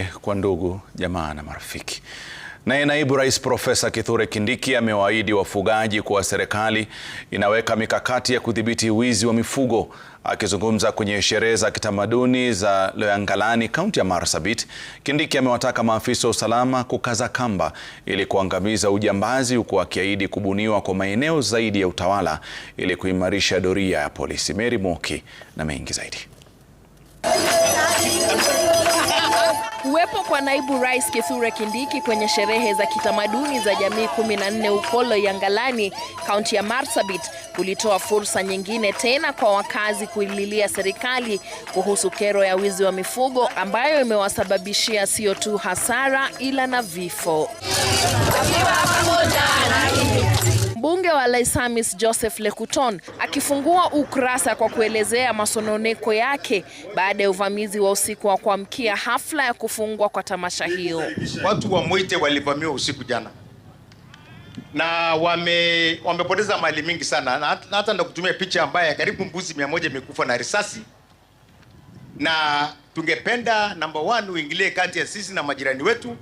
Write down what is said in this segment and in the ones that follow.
kwa ndugu jamaa na marafiki. Naye naibu rais Profesa Kithure Kindiki amewaahidi wafugaji kuwa serikali inaweka mikakati ya kudhibiti wizi wa mifugo. Akizungumza kwenye sherehe za kitamaduni za Loyangalani, kaunti ya Marsabit, Kindiki amewataka maafisa wa usalama kukaza kamba ili kuangamiza ujambazi, huku akiahidi kubuniwa kwa maeneo zaidi ya utawala ili kuimarisha doria ya polisi. Mary Moki na mengi zaidi. Kuwepo kwa naibu rais Kithure Kindiki kwenye sherehe za kitamaduni za jamii 14 Ukolo Yangalani, kaunti ya Marsabit kulitoa fursa nyingine tena kwa wakazi kuililia serikali kuhusu kero ya wizi wa mifugo ambayo imewasababishia sio tu hasara ila na vifo. Allies Joseph Lekuton akifungua ukurasa kwa kuelezea masononeko yake baada ya uvamizi wa usiku wa kuamkia hafla ya kufungwa kwa tamasha hiyo. Watu wa Mwite walivamiwa usiku jana na wame, wamepoteza mali mingi sana na hata ndo kutumia picha ambaye karibu mbuzi mia moja imekufa na risasi, na tungependa number one uingilie kati ya sisi na majirani wetu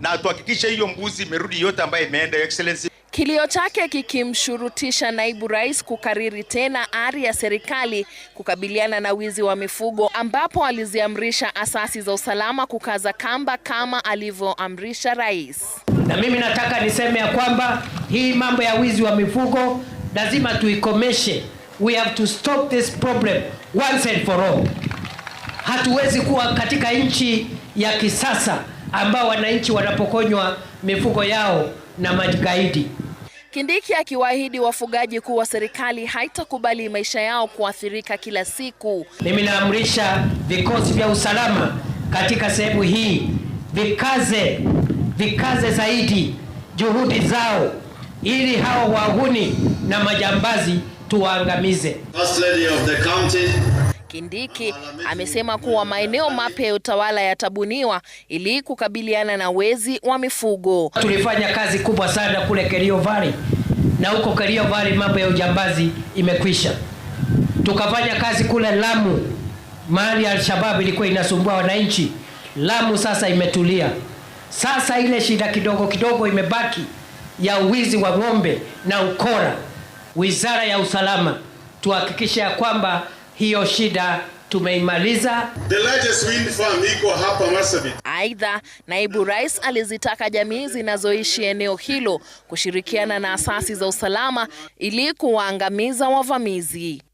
na tuhakikishe hiyo mbuzi imerudi yote ambayo imeenda, Your Excellency. Kilio chake kikimshurutisha naibu rais kukariri tena ari ya serikali kukabiliana na wizi wa mifugo, ambapo aliziamrisha asasi za usalama kukaza kamba kama alivyoamrisha rais. Na mimi nataka niseme ya kwamba hii mambo ya wizi wa mifugo lazima tuikomeshe. We have to stop this problem once and for all. Hatuwezi kuwa katika nchi ya kisasa ambao wananchi wanapokonywa mifugo yao na magaidi. Kindiki akiwaahidi wafugaji kuwa serikali haitakubali maisha yao kuathirika kila siku. Mimi naamrisha vikosi vya usalama katika sehemu hii vikaze, vikaze zaidi juhudi zao ili hao wahuni na majambazi tuwaangamize. First Lady of the County Kindiki amesema kuwa maeneo mapya ya utawala yatabuniwa ili kukabiliana na wezi wa mifugo. Tulifanya kazi kubwa sana kule Kerio Valley na huko Kerio Valley mambo ya ujambazi imekwisha. Tukafanya kazi kule Lamu, mahali alshabab ilikuwa inasumbua wananchi. Lamu sasa imetulia. Sasa ile shida kidogo kidogo imebaki ya uwizi wa ng'ombe na ukora, wizara ya usalama tuhakikishe ya kwamba hiyo shida tumeimaliza. Aidha, naibu rais alizitaka jamii zinazoishi eneo hilo kushirikiana na asasi za usalama ili kuwaangamiza wavamizi.